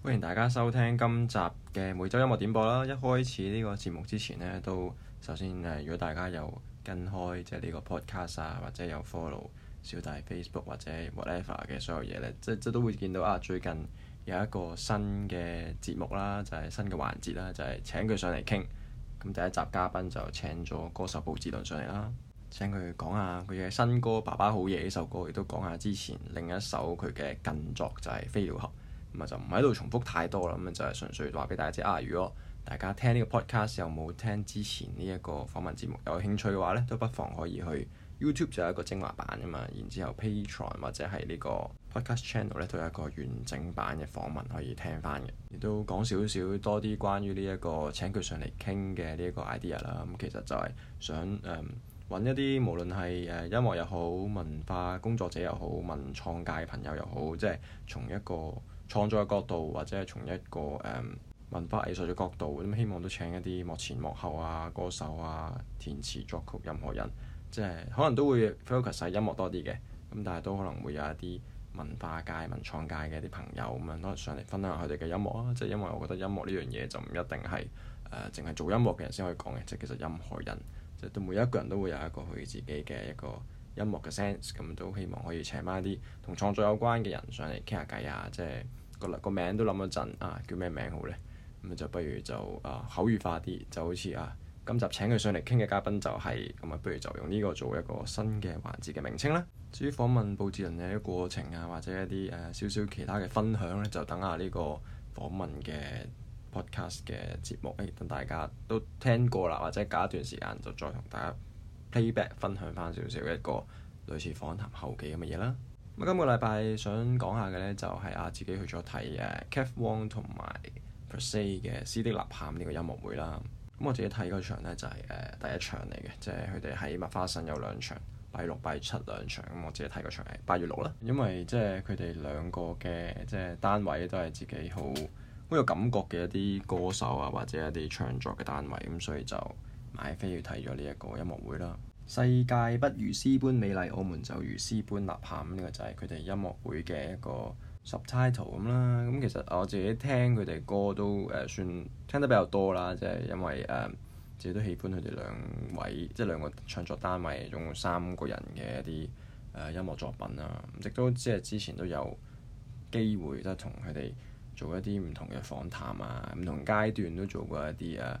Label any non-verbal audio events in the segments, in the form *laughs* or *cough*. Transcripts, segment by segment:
歡迎大家收聽今集嘅每周音樂點播啦！一開始呢個節目之前呢，都首先誒，如果大家有跟開即係呢個 Podcast 啊，或者有 follow 小弟 Facebook 或者 whatever 嘅所有嘢咧，即即都會見到啊！最近有一個新嘅節目啦，就係、是、新嘅環節啦，就係、是、請佢上嚟傾。咁第一集嘉賓就請咗歌手布志綸上嚟啦，請佢講下佢嘅新歌《爸爸好嘢》呢首歌，亦都講下之前另一首佢嘅近作就係、是《飛鳥盒》。咁啊，就唔喺度重複太多啦。咁就係純粹話俾大家知啊。如果大家聽呢個 podcast 有冇聽之前呢一個訪問節目有興趣嘅話呢，都不妨可以去 YouTube 就係一個精華版噶嘛。然之後 Patreon 或者係呢個 podcast channel 呢，都有一個完整版嘅訪問可以聽翻嘅。亦都講少少多啲關於呢一個請佢上嚟傾嘅呢一個 idea 啦。咁其實就係想誒揾、嗯、一啲無論係誒音樂又好文化工作者又好文創界朋友又好，即係從一個創作嘅角度，或者係從一個誒、嗯、文化藝術嘅角度咁、嗯，希望都請一啲幕前幕後啊、歌手啊、填詞作曲任何人，即係可能都會 focus 晒音樂多啲嘅。咁但係都可能會有一啲文化界、文創界嘅一啲朋友咁樣，可、嗯、能上嚟分享佢哋嘅音樂啊。即係因為我覺得音樂呢樣嘢就唔一定係誒淨係做音樂嘅人先可以講嘅，即係其實任何人即係對每一個人都會有一個佢自己嘅一個音樂嘅 sense、嗯。咁都希望可以請返一啲同創作有關嘅人上嚟傾下偈啊，即係～個啦個名都諗一陣啊，叫咩名好呢？咁就不如就啊口語化啲，就好似啊今集請佢上嚟傾嘅嘉賓就係、是，咁啊不如就用呢個做一個新嘅環節嘅名稱啦。至於訪問布志綸嘅一啲過程啊，或者一啲誒、啊、少少其他嘅分享呢，就等下呢個訪問嘅 podcast 嘅節目，誒等大家都聽過啦，或者隔一段時間就再同大家 playback 分享翻少少一個類似訪談後記咁嘅嘢啦。咁今個禮拜想講下嘅呢，就係啊自己去咗睇誒 Cath Wong 同埋 per se 嘅《詩的吶喊》呢個音樂會啦。咁我自己睇嗰場呢就係誒第一場嚟嘅，即係佢哋喺麥花臣有兩場，八月六、八月七兩場。咁我自己睇嗰場係八月六啦，因為即係佢哋兩個嘅即係單位都係自己好好有感覺嘅一啲歌手啊，或者一啲唱作嘅單位，咁所以就買飛去睇咗呢一個音樂會啦。世界不如詩般美麗，我們就如詩般吶喊。呢、嗯這個就係佢哋音樂會嘅一個 subtitle 咁啦。咁、嗯、其實我自己聽佢哋歌都誒、呃、算聽得比較多啦，即、就、係、是、因為誒、呃、自己都喜歡佢哋兩位，即係兩個創作單位，總共三個人嘅一啲誒、呃、音樂作品啊。咁亦都即係之前都有機會即係同佢哋做一啲唔同嘅訪談啊，唔同階段都做過一啲誒。呃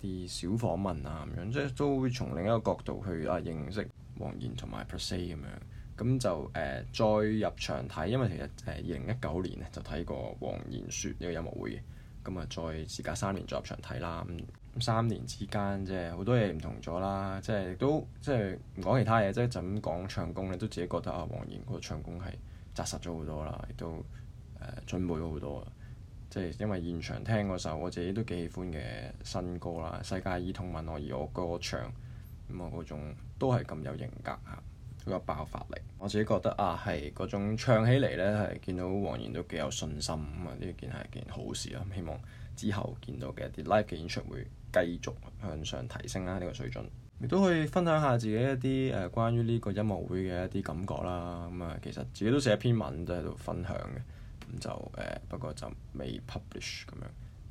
一啲小訪問啊，咁樣，即係都會從另一個角度去啊認識黃妍同埋 per se 咁樣，咁就誒、呃、再入場睇，因為其實誒二零一九年咧就睇過黃妍說呢個音樂會嘅，咁啊再時隔三年再入場睇啦，咁三年之間即係好多嘢唔同咗啦，即係亦都即係唔講其他嘢，即係就咁講唱功咧，都自己覺得啊黃妍嗰個唱功係紮實咗好多啦，亦都誒進步咗好多啊！即係因為現場聽嗰首，我自己都幾喜歡嘅新歌啦，《世界依童問我》，而我歌唱，咁啊嗰種都係咁有型格嚇，好有爆發力。我自己覺得啊，係嗰種唱起嚟咧，係見到黃妍都幾有信心咁啊，呢件係件好事啊，希望之後見到嘅一啲 live 嘅演出會繼續向上提升啦，呢、這個水準。亦都可以分享下自己一啲誒、呃、關於呢個音樂會嘅一啲感覺啦。咁、嗯、啊，其實自己都寫一篇文都喺度分享嘅。咁就誒、呃，不過就未 publish 咁樣，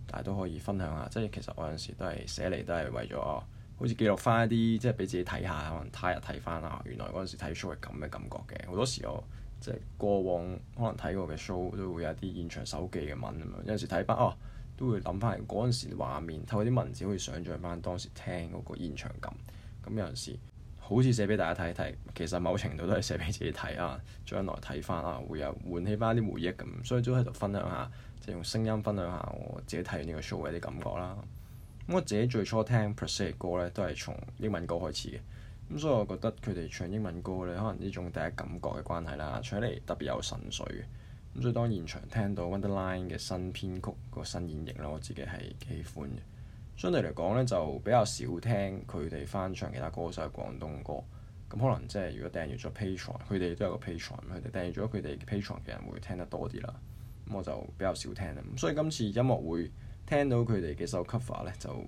但係都可以分享下。即係其實我有陣時都係寫嚟，都係為咗好似記錄翻一啲，即係俾自己睇下，可能他日睇翻啊。原來嗰陣時睇 show 係咁嘅感覺嘅。好多時候，即係過往可能睇過嘅 show 都會有啲現場手記嘅文咁樣。有陣時睇翻哦，都會諗翻嚟嗰陣時畫面，透過啲文字可以想像翻當時聽嗰個現場感。咁有陣時。好似寫俾大家睇一睇，其實某程度都係寫俾自己睇啊，將來睇翻啊，會有喚起翻啲回憶咁，所以都喺度分享下，即係用聲音分享下我自己睇完呢個 show 嘅啲感覺啦。咁我自己最初聽 per se 嘅歌咧，都係從英文歌開始嘅，咁所以我覺得佢哋唱英文歌咧，可能呢種第一感覺嘅關係啦，唱起嚟特別有神髓嘅。咁所以當現場聽到 Wonderline 嘅新編曲、個新演繹咧，我自己係幾喜歡嘅。相對嚟講咧，就比較少聽佢哋翻唱其他歌手嘅廣東歌。咁可能即係如果訂閱咗 Patreon，佢哋都有個 Patreon，佢哋訂閱咗佢哋 Patreon 嘅人會聽得多啲啦。咁我就比較少聽啦。所以今次音樂會聽到佢哋幾首 cover 咧，就誒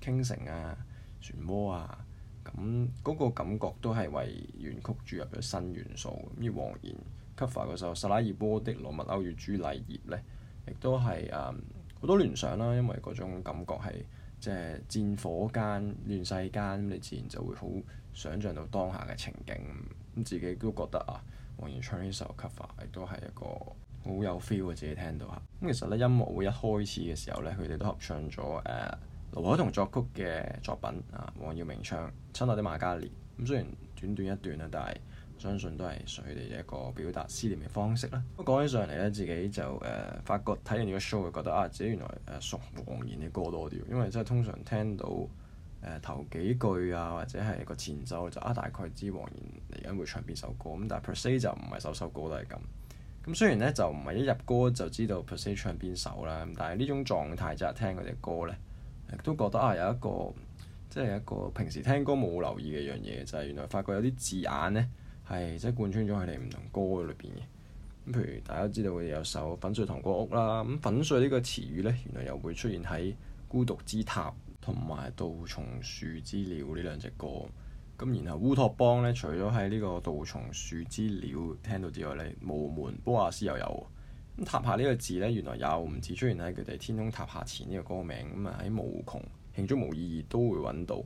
傾城啊、漩渦啊，咁嗰個感覺都係為原曲注入咗新元素。咁而黃妍 cover 嗰首《薩拉熱窩的羅密歐與茱麗葉》咧，亦都係誒好多聯想啦，因為嗰種感覺係～即係戰火間亂世間，你自然就會好想像到當下嘅情景，咁、嗯、自己都覺得啊，黃妍唱呢首 cover 亦都係一個好有 feel 嘅自己聽到嚇。咁、嗯、其實咧音樂會一開始嘅時候咧，佢哋都合唱咗誒盧凱彤作曲嘅作品啊，黃耀明唱《親愛的瑪嘉烈》，咁雖然短短一段啊，但係。相信都係屬佢哋一個表達思念嘅方式啦。咁講起上嚟咧，自己就誒發覺睇完呢個 show，就覺得啊，自己原來誒熟、呃、黃妍嘅歌多啲。因為即係通常聽到誒、呃、頭幾句啊，或者係個前奏就啊，大概知黃妍嚟緊會唱邊首歌。咁但係 per se 就唔係首首歌都係咁。咁雖然咧就唔係一入歌就知道 per se 唱邊首啦。咁但係呢種狀態即、就、係、是、聽佢隻歌咧，都覺得啊有一個即係、就是、一個平時聽歌冇留意嘅一樣嘢，就係、是、原來發覺有啲字眼咧。係、哎，即係貫穿咗佢哋唔同歌裏邊嘅。咁譬如大家知道佢有首《粉碎同果屋》啦，咁粉碎呢、這個詞語呢，原來又會出現喺《孤獨之塔》同埋《杜松樹之鳥》呢兩隻歌。咁然後烏托邦呢，除咗喺呢個《杜松樹之鳥》聽到之外呢，「無門波亞斯》又有。咁塔下呢、這個字呢，原來又唔止出現喺佢哋《天空塔下前》呢個歌名，咁啊喺《無窮慶祝無意義》都會揾到。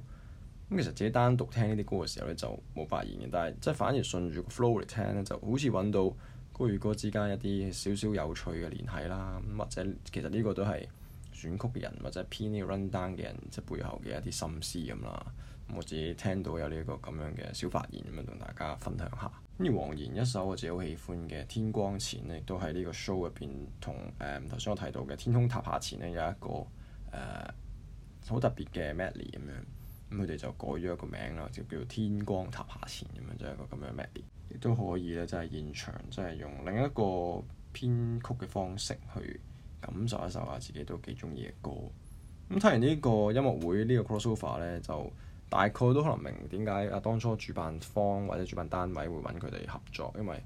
咁其實自己單獨聽呢啲歌嘅時候咧，就冇發現嘅。但係即係反而順住個 flow 嚟聽咧，就好似揾到歌與歌之間一啲少少有趣嘅聯繫啦。咁或者其實呢個都係選曲嘅人或者編呢個 run down 嘅人即係背後嘅一啲心思咁啦。咁我自己聽到有呢個咁樣嘅小發現咁樣同大家分享下。跟住黃妍一首我自己好喜歡嘅《天光前》咧，都喺呢個 show 入邊同誒頭先我提到嘅《天空塌下前》呢，有一個誒好、呃、特別嘅 medley 咁樣。咁佢哋就改咗一個名啦，就叫天光塔下前。咁樣，就係一個咁樣嘅嘢。亦都可以咧，就係現場，即係用另一個編曲嘅方式去感受一首下自己都幾中意嘅歌。咁、嗯、睇完呢個音樂會，這個、呢個 crossover 咧，就大概都可能明點解啊當初主辦方或者主辦單位會揾佢哋合作，因為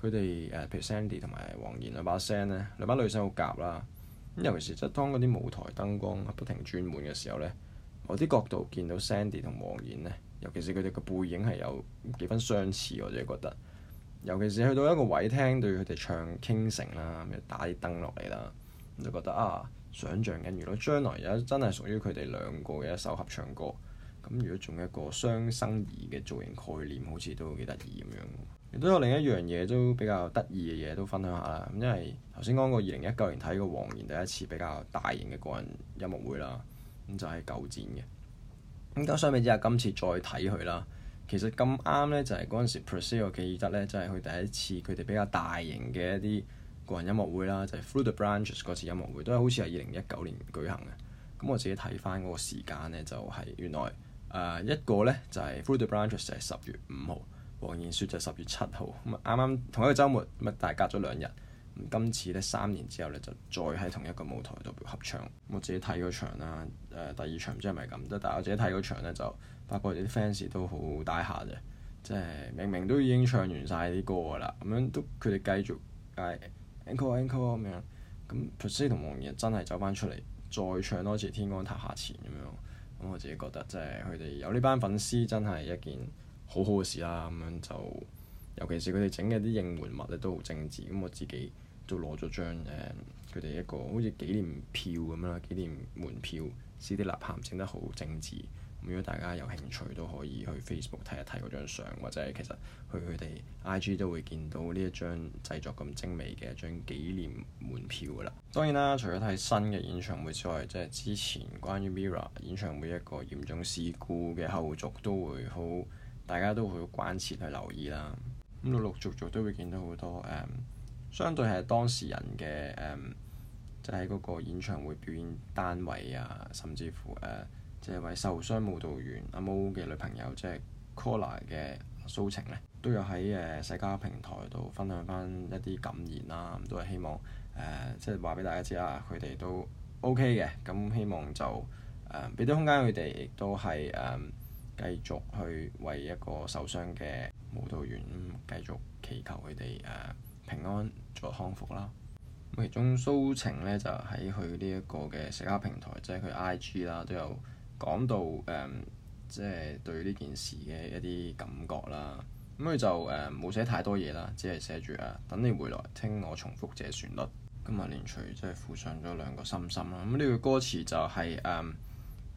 佢哋誒譬如 Sandy 同埋黃妍兩把聲咧，兩把女聲好夾啦。咁尤其是即係當嗰啲舞台燈光不停轉換嘅時候咧。我啲角度見到 Sandy 同黃妍呢，尤其是佢哋個背影係有幾分相似，我哋覺得，尤其是去到一個位聽對佢哋唱《傾城》啦，咁打啲燈落嚟啦，咁就覺得啊，想像緊如果將來有真係屬於佢哋兩個嘅一首合唱歌，咁如果仲有一個雙生兒嘅造型概念，好似都幾得意咁樣。亦都有另一樣嘢都比較得意嘅嘢都分享下啦。咁因為頭先講過二零一九年睇過黃妍第一次比較大型嘅個人音樂會啦。咁就係舊戰嘅。咁相比之下，今次再睇佢啦。其實咁啱呢，就係嗰陣時，per se，我記得呢，就係佢第一次佢哋比較大型嘅一啲個人音樂會啦，就係 Through the Branches 嗰次音樂會，都係好似係二零一九年舉行嘅。咁我自己睇翻嗰個時間呢，就係原來誒一個呢，就係 Through the Branches 係十月五號，黃妍雪就係十月七號，咁啊啱啱同一個週末，咪大隔咗兩日。今次咧三年之後咧就再喺同一個舞台度合唱。我自己睇嗰場啦，誒、呃、第二場唔知係咪咁得，但我自己睇嗰場咧就發覺我啲 fans 都好大下嘅，即係明明都已經唱完晒啲歌㗎啦，咁樣都佢哋繼續嗌 encore、啊、encore 咁樣。咁 per se 同黃妍真係走返出嚟再唱多次《天光塔下前》咁樣，咁我自己覺得即係佢哋有呢班粉絲真係一件好好嘅事啦。咁樣就尤其是佢哋整嘅啲應援物咧都好精緻，咁我自己。都攞咗張誒，佢、uh, 哋一個好似紀念票咁啦，紀念門票，C D 吶喊整得好精緻。如果大家有興趣，都可以去 Facebook 睇一睇嗰張相，或者係其實去佢哋 I G 都會見到呢一張製作咁精美嘅一張紀念門票噶啦。當然啦，除咗睇新嘅演唱會之外，即係之前關於 MIRROR 演唱會一個嚴重事故嘅後續，都會好大家都好關切去留意啦。咁、嗯、陸陸續續都會見到好多誒。Uh, 相對係當事人嘅誒，即係喺嗰個演唱會表演單位啊，甚至乎誒，即、啊、係、就是、為受傷舞蹈員阿 Mo 嘅女朋友，即係 Kolay 嘅訴情咧，都有喺誒、啊、社交平台度分享翻一啲感言啦。咁、啊、都係希望誒，即係話俾大家知啊，佢哋都 O K 嘅。咁希望就誒俾啲空間佢哋，亦都係誒繼續去為一個受傷嘅舞蹈員繼續祈求佢哋誒，啊平安作康復啦。咁其中蘇晴咧就喺佢呢一個嘅社交平台，即係佢 I G 啦，都有講到誒、嗯，即係對呢件事嘅一啲感覺啦。咁、嗯、佢就誒冇、嗯、寫太多嘢啦，只係寫住啊，等你回來聽我重複這旋律。今日連隨即係附上咗兩個心心啦。咁呢句歌詞就係誒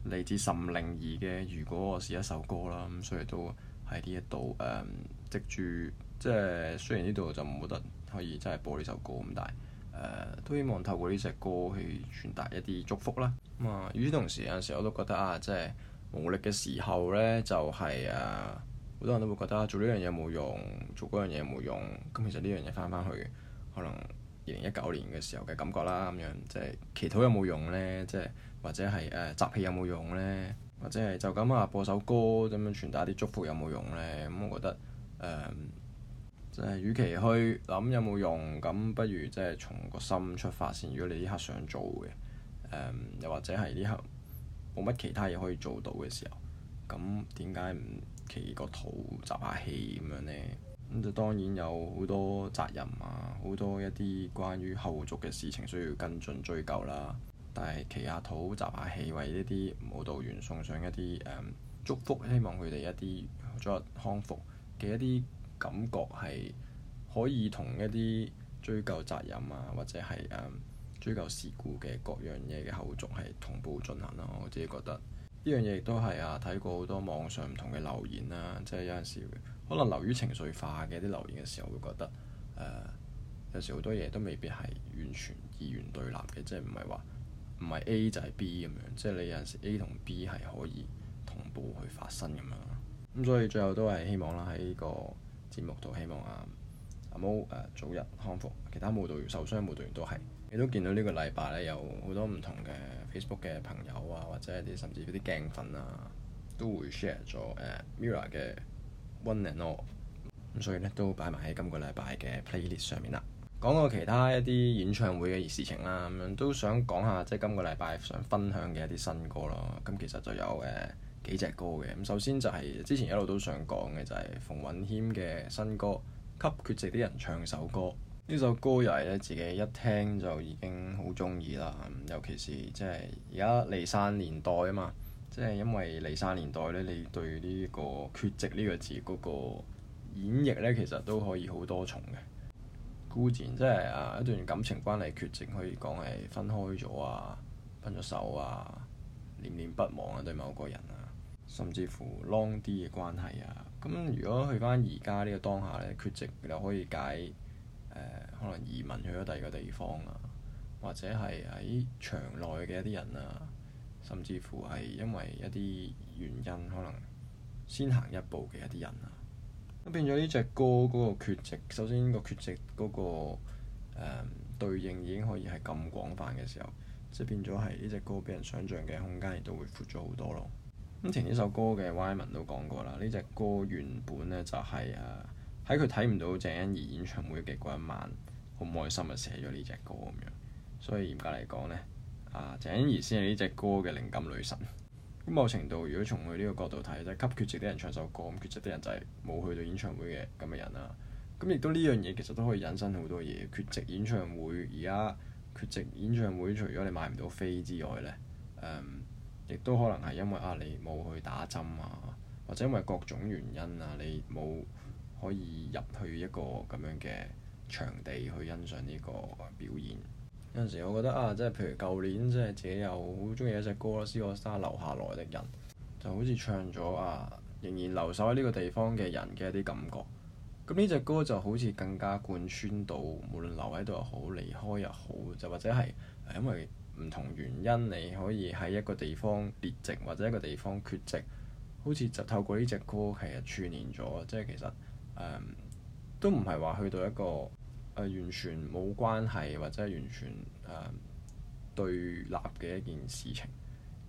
嚟自岑寧兒嘅《如果我是一首歌》啦。咁、嗯、所以都喺呢一度誒積住。嗯著著即係雖然呢度就冇得可以真係播呢首歌咁，但係誒、呃、都希望透過呢隻歌去傳達一啲祝福啦。咁、嗯、啊，與此同時，有陣時我都覺得啊，即係無力嘅時候咧，就係、是、啊好多人都會覺得、啊、做呢樣嘢冇用，做嗰樣嘢冇用。咁其實呢樣嘢翻翻去可能二零一九年嘅時候嘅感覺啦，咁樣即係祈禱有冇用咧？即係或者係誒、呃、集氣有冇用咧？或者係就咁啊播首歌咁樣傳達啲祝福有冇用咧？咁、嗯、我覺得誒。呃就係與其去諗有冇用，咁不如即係從個心出發先。如果你呢刻想做嘅、嗯、又或者係呢刻冇乜其他嘢可以做到嘅時候，咁點解唔企個肚集下氣咁樣呢？咁就當然有好多責任啊，好多一啲關於後續嘅事情需要跟進追究啦。但係企下肚集下氣為，為呢啲舞蹈員送上一啲、嗯、祝福，希望佢哋一啲早日康復嘅一啲。感覺係可以同一啲追究責任啊，或者係誒、嗯、追究事故嘅各樣嘢嘅後續係同步進行咯、啊。我自己覺得呢 *music* 樣嘢亦都係啊，睇過好多網上唔同嘅留言啦、啊，即係有陣時可能流於情緒化嘅啲留言嘅時候，會覺得誒、呃、有時好多嘢都未必係完全二元對立嘅，即係唔係話唔係 A 就係 B 咁樣，即係你有陣時 A 同 B 係可以同步去發生咁樣。咁所以最後都係希望啦，喺呢個節目都希望啊，阿、啊、Mo 早日康復，其他舞蹈員受傷嘅舞蹈員都係，你都見到個呢個禮拜咧有好多唔同嘅 Facebook 嘅朋友啊，或者一啲甚至一啲鏡粉啊，都會 share 咗、啊、Mirror 嘅 One and All，咁所以咧都擺埋喺今個禮拜嘅 playlist 上面啦。講過其他一啲演唱會嘅事情啦、啊，咁、嗯、樣都想講下即係今個禮拜想分享嘅一啲新歌咯。咁其實就有誒。啊幾隻歌嘅，咁，首先就係之前一路都想講嘅，就係馮允謙嘅新歌《給缺席啲人唱首歌》，呢首歌又係咧自己一聽就已經好鍾意啦。尤其是即係而家離散年代啊嘛，即係因為離散年代咧，你對呢個缺席呢個字嗰個演繹咧，其實都可以好多重嘅，固然，即係啊一段感情關係缺席，可以講係分開咗啊，分咗手啊，念念不忘啊，對某個人啊。甚至乎 long 啲嘅關係啊，咁如果去返而家呢個當下咧，缺席又可以解誒、呃、可能移民去咗第二個地方啊，或者係喺場內嘅一啲人啊，甚至乎係因為一啲原因可能先行一步嘅一啲人啊，咁變咗呢隻歌嗰個缺席，首先個缺席嗰個誒、呃、對應已經可以係咁廣泛嘅時候，即係變咗係呢隻歌俾人想像嘅空間亦都會闊咗好多咯。咁前呢首歌嘅 Y 文都講過啦，呢隻歌原本呢，就係誒喺佢睇唔到鄭欣宜演唱會嘅嗰一晚，好唔耐心啊寫咗呢隻歌咁樣。所以嚴格嚟講呢，啊鄭欣宜先係呢隻歌嘅靈感女神。咁 *laughs* 某程度如果從佢呢個角度睇就咧、是，吸缺席啲人唱首歌，咁缺席啲人就係冇去到演唱會嘅咁嘅人啦。咁亦都呢樣嘢其實都可以引申好多嘢。缺席演唱會，而家缺席演唱會，除咗你買唔到飛之外呢。誒、嗯。亦都可能係因為啊，你冇去打針啊，或者因為各種原因啊，你冇可以入去一個咁樣嘅場地去欣賞呢個表演。 *noise* 有陣時我覺得啊，即係譬如舊年即係自己又好中意一隻歌啦，《c r i 留下來的人》，就好似唱咗啊，仍然留守喺呢個地方嘅人嘅一啲感覺。咁呢隻歌就好似更加貫穿到，無論留喺度又好，離開又好，就或者係因為，唔同原因，你可以喺一個地方列席或者一個地方缺席，好似就透過呢隻歌，其實串聯咗。即係其實誒、嗯、都唔係話去到一個誒、呃、完全冇關係或者係完全誒、呃、對立嘅一件事情。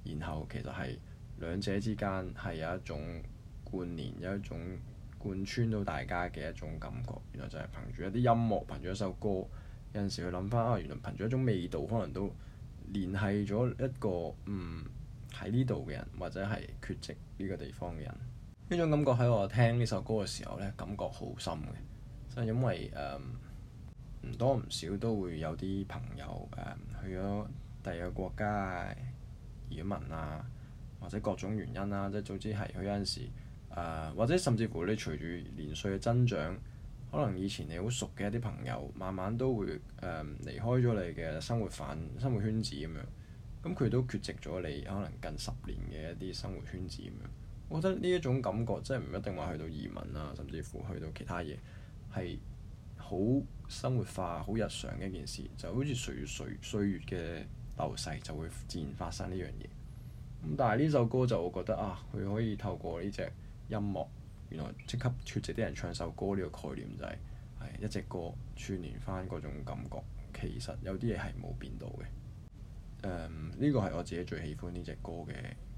然後其實係兩者之間係有一種貫連，有一種貫穿到大家嘅一種感覺，原來就係憑住一啲音樂憑住一首歌，有陣時去諗翻啊，原來憑住一種味道，可能都～聯繫咗一個唔喺呢度嘅人，或者係缺席呢個地方嘅人，呢種感覺喺我聽呢首歌嘅時候呢，感覺好深嘅，就係、因為誒唔、嗯、多唔少都會有啲朋友誒、嗯、去咗第二個國家移民啊，或者各種原因啦、啊，即係早知係佢有陣時、呃、或者甚至乎你隨住年歲嘅增長。可能以前你好熟嘅一啲朋友，慢慢都會誒、嗯、離開咗你嘅生活範、生活圈子咁樣。咁佢都缺席咗你可能近十年嘅一啲生活圈子咁樣。我覺得呢一種感覺真係唔一定話去到移民啦、啊，甚至乎去到其他嘢係好生活化、好日常嘅一件事，就好似隨隨歲月嘅流逝就會自然發生呢樣嘢。咁但係呢首歌就我覺得啊，佢可以透過呢隻音樂。原來即刻缺席啲人唱首歌呢個概念就係、是，係一隻歌串連翻嗰種感覺。其實有啲嘢係冇變到嘅。呢個係我自己最喜歡呢隻歌嘅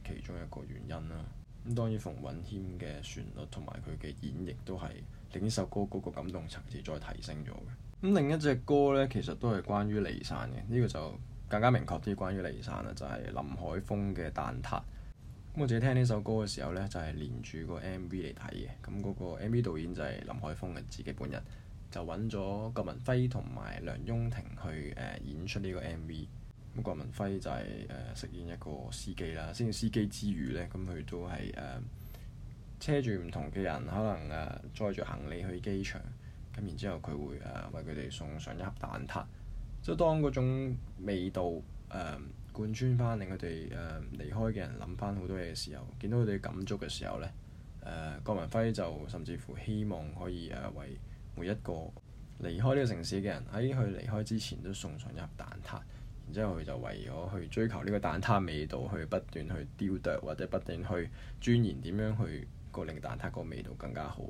其中一個原因啦。咁當然馮允謙嘅旋律同埋佢嘅演繹都係令呢首歌嗰個感動層次再提升咗嘅。咁另一隻歌呢，其實都係關於離散嘅。呢、這個就更加明確啲關於離散啦，就係、是、林海峰嘅《蛋撻》。我自己聽呢首歌嘅時候呢，就係、是、連住個 M V 嚟睇嘅。咁嗰個 M V 導演就係林海峰嘅自己本人，就揾咗郭文輝同埋梁雍婷去誒、呃、演出呢個 M V。咁郭文輝就係、是、誒、呃、飾演一個司機啦，飾演司機之餘呢，咁佢都係誒、呃、車住唔同嘅人，可能誒載住行李去機場。咁然之後佢會誒、呃、為佢哋送上一盒蛋撻，即係當嗰種味道誒。呃貫穿翻令佢哋誒離開嘅人諗翻好多嘢嘅時候，見到佢哋感觸嘅時候咧，誒郭文輝就甚至乎希望可以誒、呃、為每一個離開呢個城市嘅人喺佢離開之前都送上一盒蛋撻，然之後佢就為咗去追求呢個蛋撻味道去不斷去雕琢或者不斷去專研點樣去個令蛋撻個味道更加好。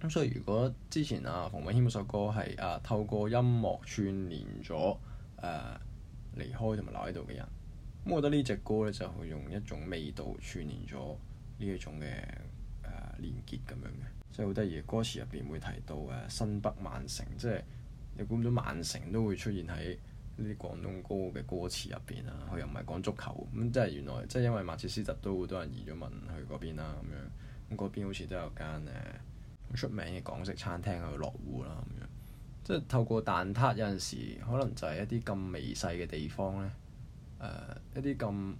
咁所以如果之前阿馮允謙嗰首歌係誒、呃、透過音樂串連咗誒、呃、離開同埋留喺度嘅人。咁我覺得呢隻歌咧就用一種味道串連咗呢一種嘅誒連結咁樣嘅，即係好得意嘅。歌詞入邊會提到誒新北曼城，即係你估唔到曼城都會出現喺呢啲廣東歌嘅歌詞入邊啊！佢又唔係講足球咁，即係原來即係因為曼徹斯特都好多人移咗民去嗰邊啦，咁樣咁嗰邊好似都有間誒出名嘅港式餐廳去落戶啦，咁樣，咁樣即係透過蛋撻有陣時可能就係一啲咁微細嘅地方咧。誒、呃、一啲咁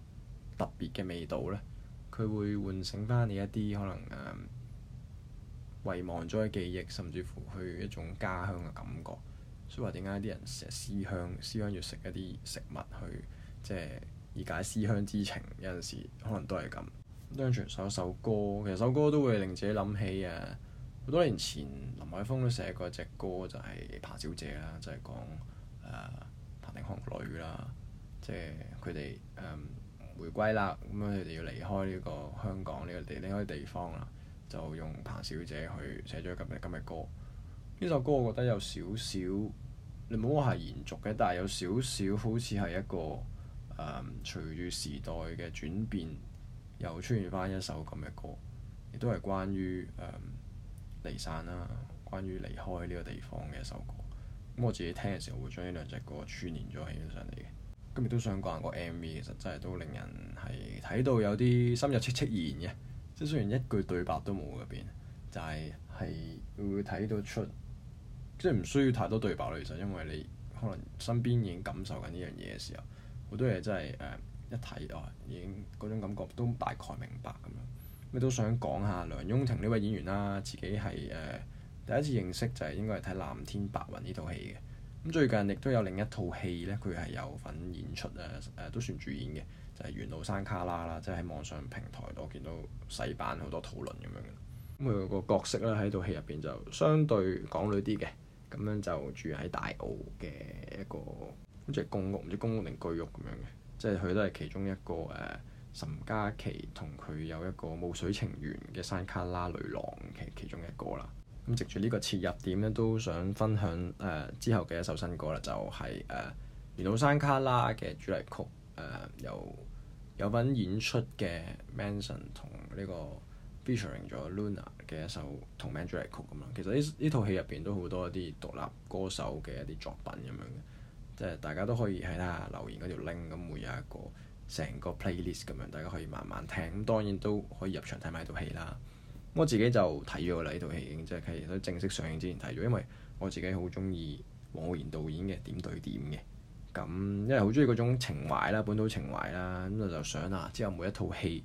特別嘅味道咧，佢會喚醒翻你一啲可能誒、呃、遺忘咗嘅記憶，甚至乎去一種家鄉嘅感覺。所以話點解啲人成日思鄉， *laughs* 思鄉要食一啲食物去即係以解思鄉之情。有陣時可能都係咁。當場、嗯嗯嗯、首首歌，其實首歌都會令自己諗起誒好多年前林海峰都寫過一隻歌就係、是《彭小姐》啦，就係、是、講誒彭定康女啦。即係佢哋誒回歸啦，咁樣佢哋要離開呢個香港呢個地呢個地方啦，就用彭小姐去寫咗咁嘅咁嘅歌。呢首歌我覺得有少少你冇話係延續嘅，但係有少少好似係一個誒、嗯、隨住時代嘅轉變，又出現翻一首咁嘅歌，亦都係關於誒、嗯、離散啦、啊，關於離開呢個地方嘅一首歌。咁我自己聽嘅時候，會將呢兩隻歌串連咗起上嚟嘅。今日都想講下個 MV，其實真係都令人係睇到有啲心有戚戚然嘅。即係雖然一句對白都冇入邊，就係、是、係會睇到出，即係唔需要太多對白啦。其實因為你可能身邊已經感受緊呢樣嘢嘅時候，好多嘢真係誒、呃、一睇哦，已經嗰種感覺都大概明白咁樣。咁都想講下梁雍婷呢位演員啦、啊，自己係誒、呃、第一次認識就係應該係睇《藍天白雲》呢套戲嘅。咁最近亦都有另一套戲咧，佢係有份演出啊，誒、呃、都算主演嘅，就係、是《元老山卡拉》啦，即係喺網上平台度見到洗版好多討論咁樣嘅。咁佢個角色咧喺套戲入邊就相對港女啲嘅，咁樣就住喺大澳嘅一個，好似係公屋唔知公屋定居屋咁樣嘅，即係佢都係其中一個誒，岑嘉琪同佢有一個露水情緣嘅山卡拉女郎嘅其，其中一個啦。咁藉住呢個切入點咧，都想分享誒、呃、之後嘅一首新歌啦，就係、是、誒《緣、呃、路山旮旯》嘅主題曲誒，有有份演出嘅 Manson 同呢、這個 featuring 咗 Luna 嘅一首同名主題曲咁咯。其實呢呢套戲入邊都好多一啲獨立歌手嘅一啲作品咁樣嘅，即係大家都可以喺啦留言嗰條 link，咁會有一個成個 playlist 咁樣，大家可以慢慢聽。咁當然都可以入場睇埋套戲啦。我自己就睇咗啦，呢套戲，即係其實都正式上映之前睇咗，因為我自己好中意黃浩然導演嘅點對點嘅，咁因為好中意嗰種情懷啦，本土情懷啦，咁我就想啊，之後每一套戲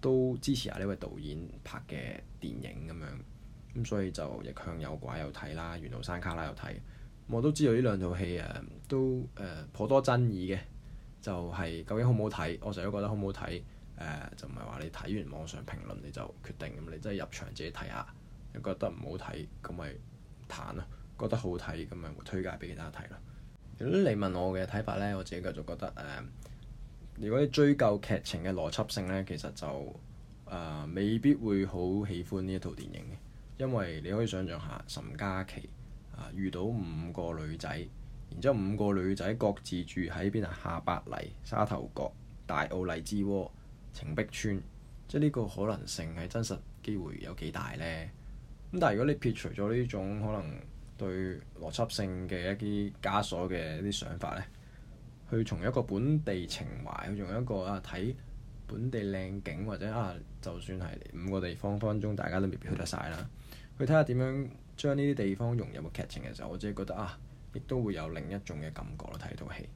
都支持下呢位導演拍嘅電影咁樣，咁所以就逆向誘拐又睇啦，緣路山旮旯又睇，我都知道呢兩套戲誒都誒頗、呃、多爭議嘅，就係、是、究竟好唔好睇，我成日都覺得好唔好睇。呃、就唔係話你睇完網上評論你就決定咁，你真係入場自己睇下，覺得唔好睇咁咪彈咯。覺得好睇咁咪會推介俾其他睇咯。你問我嘅睇法呢，我自己繼續覺得、呃、如果你追究劇情嘅邏輯性呢，其實就、呃、未必會好喜歡呢一套電影嘅，因為你可以想象下，岑嘉琪遇到五個女仔，然之後五個女仔各自住喺邊啊，下白泥、沙頭角、大澳之窩、荔枝窩。情逼穿，即係呢個可能性係真實機會有幾大呢？咁但係如果你撇除咗呢種可能對邏輯性嘅一啲枷鎖嘅一啲想法呢，去從一個本地情懷，去用一個啊睇本地靚景或者啊就算係五個地方分分鐘大家都未必去得晒啦，去睇下點樣將呢啲地方融入個劇情嘅時候，我真係覺得啊，亦都會有另一種嘅感覺咯，睇到戲。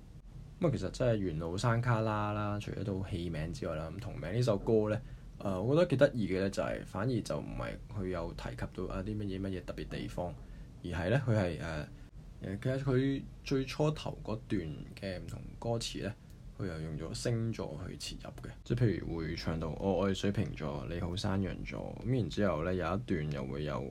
咁其實真係緣路山旮旯啦，除咗套戲名之外啦，咁同名呢首歌呢，誒、呃，我覺得幾得意嘅呢，就係、是、反而就唔係佢有提及到啊啲乜嘢乜嘢特別地方，而係呢，佢係誒其實佢最初頭嗰段嘅唔同歌詞呢，佢又用咗星座去切入嘅，即係譬如會唱到、哦、我愛水瓶座，你好山羊座，咁然之後呢，有一段又會有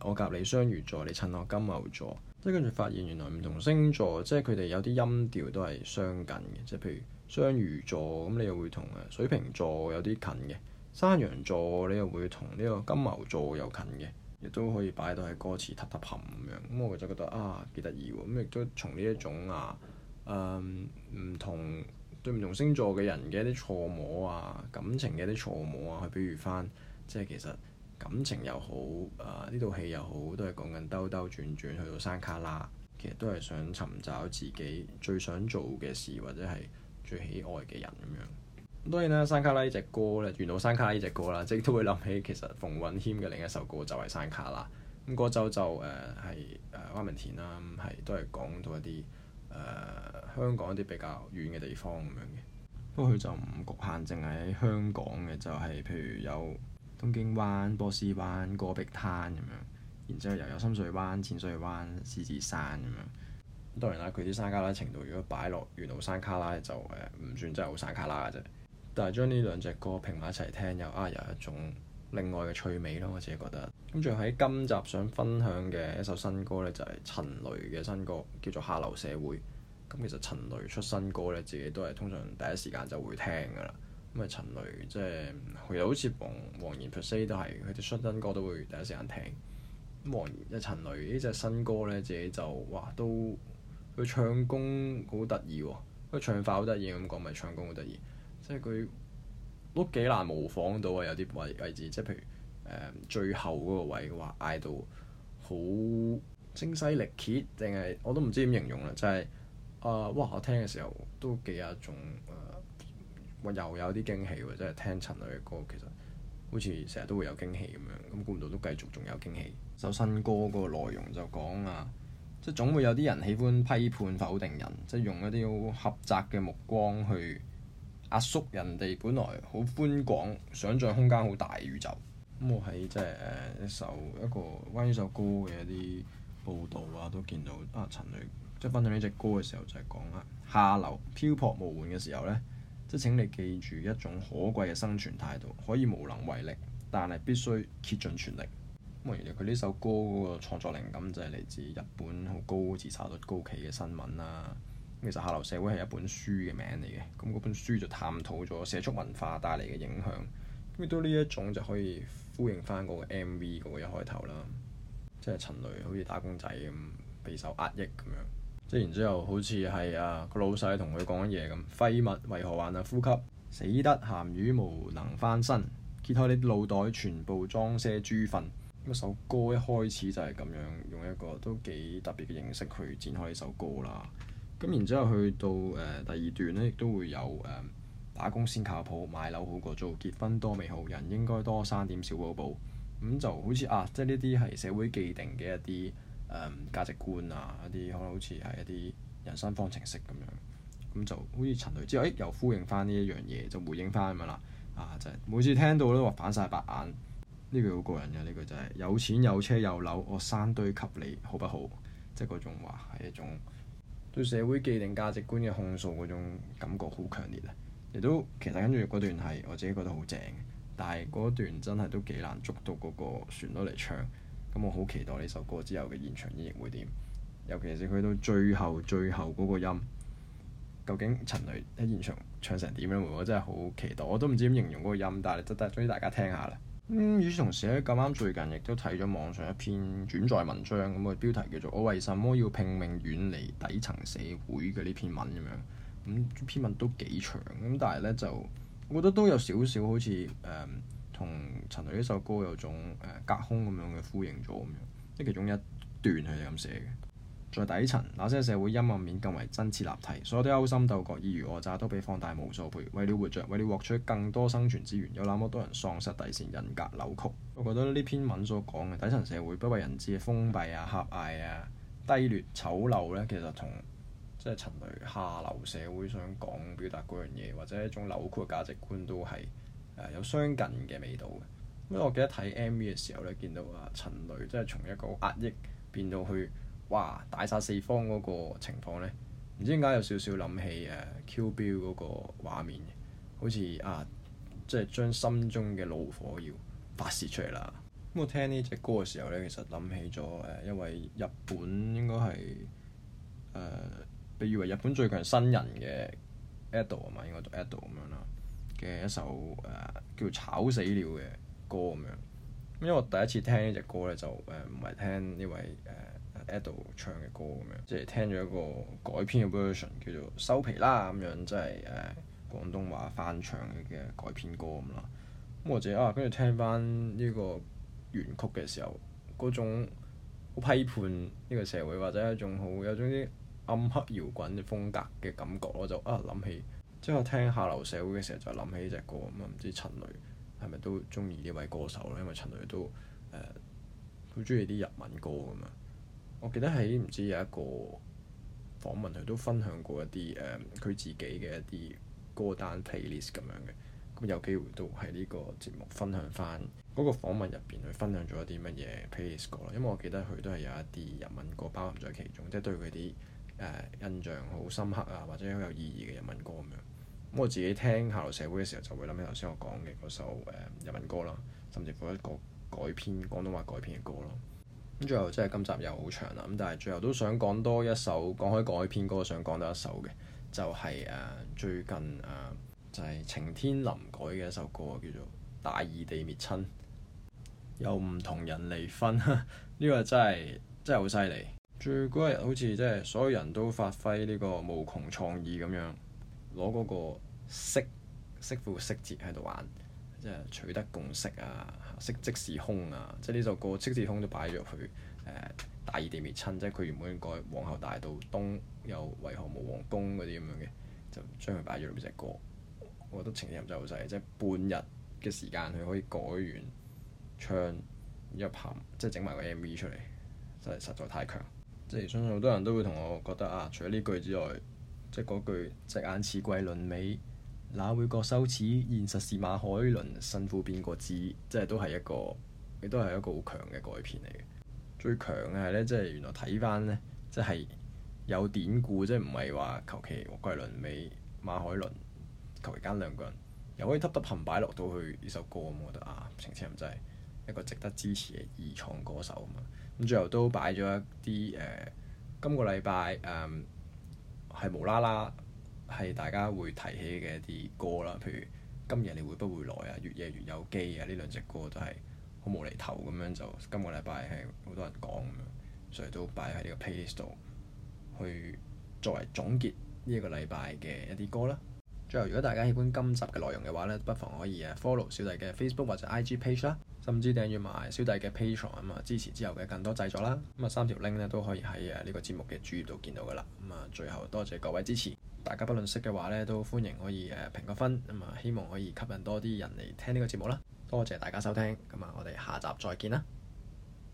我夾你雙魚座，你襯我金牛座。即跟住發現原來唔同星座，即係佢哋有啲音調都係相近嘅，即係譬如雙魚座咁，你又會同誒水瓶座有啲近嘅，山羊座你又會同呢個金牛座又近嘅，亦都可以擺到喺歌詞塔塔冚咁樣，咁我就覺得啊幾得意喎，咁亦都從呢一種啊誒唔同對唔同星座嘅人嘅一啲錯摸啊，感情嘅一啲錯摸啊，去比如翻即係其實。感情又好，誒呢套戲又好，都係講緊兜兜轉轉去到山旮旯，其實都係想尋找自己最想做嘅事或者係最喜愛嘅人咁樣。咁當然啦，山旮旯呢隻歌咧，緣路山旮旯呢隻歌啦，即都會諗起其實馮允謙嘅另一首歌就係山旮旯。咁嗰首就誒係誒蛙明田啦，咁都係講到一啲誒、呃、香港一啲比較遠嘅地方咁樣嘅。不過佢就唔局限，淨係喺香港嘅，就係、係、譬如有，東京灣、波斯灣、戈壁灘咁樣，然之後又有深水灣、淺水灣、獅子山咁樣。當然啦，佢啲山旮旯程度如果擺落元老山旮旯就誒唔算真係好山旮旯嘅啫。但係將呢兩隻歌拼埋一齊聽，又啊又係一種另外嘅趣味咯，我自己覺得。咁仲喺今集想分享嘅一首新歌呢就係、是、陳蕾嘅新歌，叫做《下流社會》。咁、嗯、其實陳蕾出新歌咧，自己都係通常第一時間就會聽㗎啦。咁啊，陳蕾即係又好似黃黃妍 per se 都係佢啲新歌都會第一時間聽。咁黃妍、即陳蕾呢隻新歌咧，自己就哇都佢唱功好得意喎，佢唱法好得意咁講咪唱功好得意，即係佢都幾難模仿到啊！有啲位位置，即係譬如誒、呃、最後嗰個位話嗌到好精細力竭，定係我都唔知點形容啦，就係啊哇！我聽嘅時候都幾啊，有一種、呃、誒。哇！又有啲驚喜喎，即係聽陳蕾嘅歌，其實好似成日都會有驚喜咁樣。咁估唔到都繼續仲有驚喜，首新歌個內容就講啊，即係總會有啲人喜歡批判否定人，即係用一啲好狹窄嘅目光去壓縮人哋本來好寬廣想像空間好大嘅宇宙。咁、嗯、我喺即係誒一首一個關於呢首歌嘅一啲報導啊，都見到啊，陳蕾即係分享呢隻歌嘅時候就係講啊，下流漂泊無援嘅時候咧。即係請你記住一種可貴嘅生存態度，可以無能為力，但係必須竭盡全力。咁原來佢呢首歌嗰個創作靈感就係嚟自日本好高自殺率高企嘅新聞啦。其實下流社會係一本書嘅名嚟嘅，咁嗰本書就探討咗社畜文化帶嚟嘅影響。咁亦都呢一種就可以呼應翻嗰個 MV 嗰個一開頭啦，即係陳蕾好似打工仔咁，備受壓抑咁樣。即然之後好、啊，好似係啊個老細同佢講緊嘢咁，廢物為何還能、啊、呼吸？死得鹹魚無能翻身，揭開你腦袋全部裝些豬糞。首歌一開始就係咁樣，用一個都幾特別嘅形式去展開呢首歌啦。咁然之後去到誒、呃、第二段咧，亦都會有誒、呃、打工先靠譜，買樓好過租，結婚多美好，人應該多生點小寶寶。咁就好似啊，即係呢啲係社會既定嘅一啲。誒、嗯、價值觀啊，一啲可能好似係一啲人生方程式咁樣，咁就好似陳蕾之後，誒、哎、又呼應翻呢一樣嘢，就回應翻咁啦。啊，就係、是、每次聽到都話反晒白眼，呢句好過癮嘅呢句就係、是、有錢有車有樓，我生堆給你好不好？即係嗰種話係一種對社會既定價值觀嘅控訴，嗰種感覺好強烈啊！亦都其實跟住嗰段係我自己覺得好正，但係嗰段真係都幾難捉到嗰個旋律嚟唱。咁我好期待呢首歌之後嘅現場演繹會點，尤其是去到最後最後嗰個音，究竟陳蕾喺現場唱成點樣會？我真係好期待，我都唔知點形容嗰個音，但係你得得俾大家聽下啦。咁、嗯、與此同時咧，咁啱最近亦都睇咗網上一篇轉載文章，咁、那、嘅、個、標題叫做《我為什麼要拼命遠離底層社會》嘅呢篇文咁樣。咁篇文都幾長，咁但係咧就，我覺得都有少少好似誒。嗯同陳蕾呢首歌有種隔空咁樣嘅呼應咗咁樣，即其中一段係咁寫嘅。在底層，那些社會陰暗面更為真切立體，所有啲勾心鬥角、爾虞我詐都被放大無數倍。為了活着，為了獲取更多生存資源，有那麼多人喪失底線、人格扭曲。我覺得呢篇文所講嘅底層社會不為人知嘅封閉啊、狹隘啊、低劣、醜陋呢，其實同即係陳蕾下流社會想講、表達嗰樣嘢，或者一種扭曲嘅價值觀都係。誒有相近嘅味道嘅，咁我記得睇 M.V. 嘅時候咧，見到啊陳蕾即係從一個好壓抑變到去哇大殺四方嗰個情況咧，唔知點解有少少諗起誒、啊、Kill Bill 嗰個畫面，好似啊即係將心中嘅怒火要發泄出嚟啦。咁我聽呢隻歌嘅時候咧，其實諗起咗誒一位日本應該係誒被譽為日本最強新人嘅 Ado 啊嘛，應該讀 Ado 咁樣啦。嘅一首誒叫做吵死了嘅歌咁樣，咁、嗯、因為我第一次聽呢隻歌咧中文就誒唔係聽呢位誒 Ado 唱嘅歌咁樣，即係聽咗一個改編嘅 version 叫做收皮啦咁樣，即係誒廣東話翻唱嘅改編歌咁啦。咁或者啊，跟住聽翻呢個原曲嘅時候，嗰種好批判呢個社會或者一種好有種啲暗黑搖滾嘅風格嘅感覺，我就啊諗起。即係我聽下流社會嘅時候就，就諗起呢隻歌咁啊！唔知陳蕾係咪都中意呢位歌手咧？因為陳蕾都誒好中意啲日文歌㗎嘛。我記得喺唔知有一個訪問，佢都分享過一啲誒佢自己嘅一啲歌單 playlist 咁樣嘅。咁有機會都喺呢個節目分享翻嗰個訪問入邊，佢分享咗一啲乜嘢 playlist 歌咯。因為我記得佢都係有一啲日文歌包含在其中，即係對佢啲誒印象好深刻啊，或者好有意義嘅日文歌咁樣。咁我自己聽下流社會嘅時候，就會諗起頭先我講嘅嗰首誒人民歌啦，甚至乎一個改編廣東話改編嘅歌咯。咁最後即係今集又好長啦，咁但係最後都想講多一首講開改編歌，想講多一首嘅，就係、是、誒、啊、最近誒、啊、就係、是、晴天林改嘅一首歌叫做《大義地滅親》，又唔同人離婚，呢、這個真係真係好犀利。最嗰日好似即係所有人都發揮呢個無窮創意咁樣。攞嗰個色色富色節喺度玩，即係取得共識啊，色即是空啊，即係呢首歌《色即是空》就擺咗去誒、呃、大義地滅親，即係佢原本應該皇后大道東又為何無皇宮嗰啲咁樣嘅，就將佢擺咗入邊隻歌。我覺得情軒就好犀利，即係半日嘅時間佢可以改完唱一行，即係整埋個 MV 出嚟，真係實在太強。即係相信好多人都會同我覺得啊，除咗呢句之外。即係嗰句隻眼似桂倫美，那會覺羞恥？現實是馬海倫，辛苦變個字，即係都係一個，亦都係一個好強嘅改編嚟嘅。最強嘅係咧，即係原來睇翻咧，即係有典故，即係唔係話求其桂倫美、馬海倫求其間兩個人，又可以得得頻擺落到去呢首歌咁。我覺得啊，晴天林真係一個值得支持嘅二創歌手啊嘛。咁最後都擺咗一啲誒、呃，今個禮拜誒。呃係無啦啦，係大家會提起嘅一啲歌啦，譬如今日你會不會來啊？越夜越有機啊！呢兩隻歌都係好無厘頭咁樣就，就今個禮拜係好多人講咁樣，所以都擺喺呢個 page 度去作為總結呢個禮拜嘅一啲歌啦。最後，如果大家喜歡今集嘅內容嘅話呢，不妨可以啊 follow 小弟嘅 Facebook 或者 IG page 啦。甚至訂閱埋小弟嘅 Patreon 啊，支持之後嘅更多製作啦。咁啊，三條 link 咧都可以喺誒呢個節目嘅主頁度見到噶啦。咁啊，最後多謝各位支持，大家不吝嗇嘅話咧，都歡迎可以誒評個分。咁啊，希望可以吸引多啲人嚟聽呢個節目啦。多謝大家收聽，咁啊，我哋下集再見啦。